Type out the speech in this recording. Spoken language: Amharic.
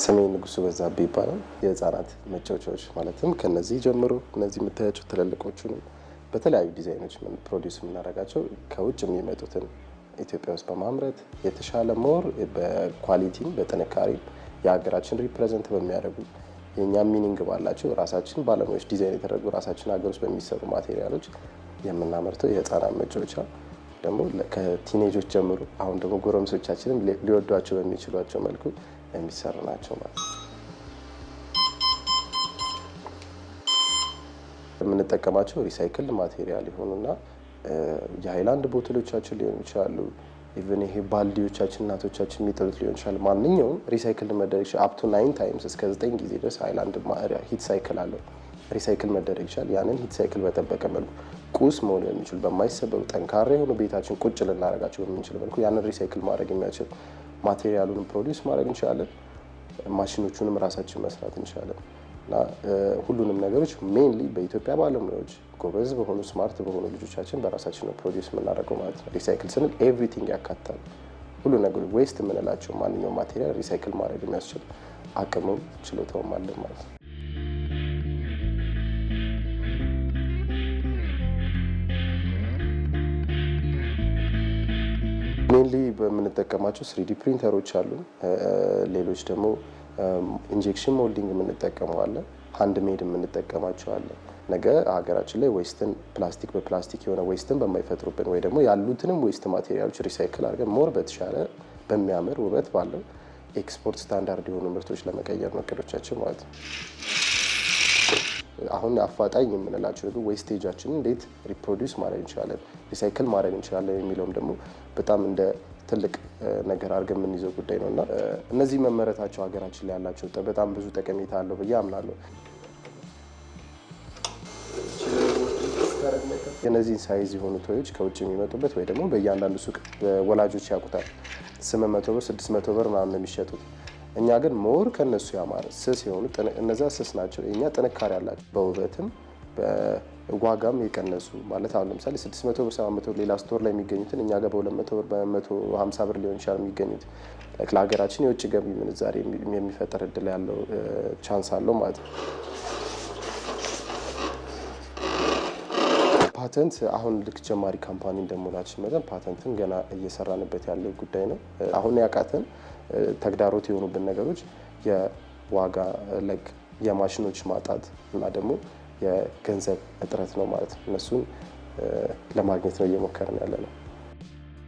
ስሜ ንጉሱ በዛብህ ይባላል። የህፃናት መጫወቻዎች ማለትም ከነዚህ ጀምሮ እነዚህ የምታያቸው ትልልቆቹንም በተለያዩ ዲዛይኖች ፕሮዲስ የምናደርጋቸው ከውጭ የሚመጡትን ኢትዮጵያ ውስጥ በማምረት የተሻለ ሞር በኳሊቲም በጥንካሬም የሀገራችን ሪፕሬዘንት በሚያደርጉ የእኛ ሚኒንግ ባላቸው ራሳችን ባለሙያዎች ዲዛይን የተደረጉ ራሳችን ሀገር ውስጥ በሚሰሩ ማቴሪያሎች የምናመርተው የህፃናት መጫወቻ ደግሞ ከቲኔጆች ጀምሮ አሁን ደግሞ ጎረምሶቻችንም ሊወዷቸው በሚችሏቸው መልኩ የሚሰሩ ናቸው ማለት ነው። የምንጠቀማቸው ሪሳይክል ማቴሪያል የሆኑና የሀይላንድ ቦትሎቻችን ሊሆኑ ይችላሉ። ኢቨን ይሄ ባልዲዎቻችን እናቶቻችን የሚጥሉት ሊሆን ይችላል። ማንኛውም ሪሳይክል መደረግ አፕቱ ናይን ታይምስ እስከ ዘጠኝ ጊዜ ድረስ ሀይላንድ ሂት ሳይክል አለው። ሪሳይክል መደረግ ይችላል። ያንን ሂት ሳይክል በጠበቀ መልኩ ቁስ መሆን የሚችል በማይሰበሩ ጠንካራ የሆኑ ቤታችን ቁጭ ልናደርጋቸው በምንችል መልኩ ያንን ሪሳይክል ማድረግ የሚያችል ማቴሪያሉን ፕሮዲውስ ማድረግ እንችላለን። ማሽኖቹንም ራሳችን መስራት እንችላለን እና ሁሉንም ነገሮች ሜንሊ በኢትዮጵያ ባለሙያዎች ጎበዝ በሆኑ ስማርት በሆኑ ልጆቻችን በራሳችን ነው ፕሮዲውስ የምናደርገው ማለት ነው። ሪሳይክል ስንል ኤቭሪቲንግ ያካታል። ሁሉ ነገር ዌስት የምንላቸው ማንኛውም ማቴሪያል ሪሳይክል ማድረግ የሚያስችል አቅምም ችሎታውም አለን ማለት ነው። ሜንሊ በምንጠቀማቸው ስሪዲ ፕሪንተሮች አሉ። ሌሎች ደግሞ ኢንጀክሽን ሞልዲንግ የምንጠቀመዋለን፣ ሀንድ ሜድ የምንጠቀማቸዋለን። ነገ ሀገራችን ላይ ዌስትን ፕላስቲክ በፕላስቲክ የሆነ ዌስትን በማይፈጥሩብን ወይ ደግሞ ያሉትንም ዌስት ማቴሪያሎች ሪሳይክል አድርገን ሞር በተሻለ በሚያምር ውበት ባለው ኤክስፖርት ስታንዳርድ የሆኑ ምርቶች ለመቀየር ነው እቅዶቻችን ማለት ነው። አሁን አፋጣኝ የምንላቸው ነገር እንዴት ሪፕሮዲስ ማድረግ እንችላለን፣ ሪሳይክል ማድረግ እንችላለን የሚለውም ደግሞ በጣም እንደ ትልቅ ነገር አድርገን የምንይዘው ጉዳይ ነው እና እነዚህ መመረታቸው ሀገራችን ላይ ያላቸው በጣም ብዙ ጠቀሜታ አለው ብዬ አምናለሁ። የነዚህን ሳይዝ የሆኑ ቶዮች ከውጭ የሚመጡበት ወይ ደግሞ በእያንዳንዱ ሱቅ ወላጆች ያውቁታል። ስምንት መቶ ብር ስድስት መቶ ብር ምናምን የሚሸጡት እኛ ግን ሞር ከነሱ ያማረ ስስ የሆኑ እነዛ ስስ ናቸው። እኛ ጥንካሬ ያላቸው በውበትም ዋጋም የቀነሱ ማለት አሁን ለምሳሌ 600 ብር 700 ብር ሌላ ስቶር ላይ የሚገኙትን እኛ ጋር በ200 ብር በ150 ብር ሊሆን ይችላል የሚገኙት። ለሀገራችን የውጭ ገቢ ምንዛሬ የሚፈጠር እድል ያለው ቻንስ አለው ማለት ነው። ፓተንት አሁን ልክ ጀማሪ ካምፓኒ እንደመሆናችን መጠን ፓተንትን ገና እየሰራንበት ያለ ጉዳይ ነው። አሁን ያቃተን ተግዳሮት የሆኑብን ነገሮች የዋጋ ለቅ የማሽኖች ማጣት እና ደግሞ የገንዘብ እጥረት ነው ማለት ነው። እነሱን ለማግኘት ነው እየሞከርን ያለ ነው።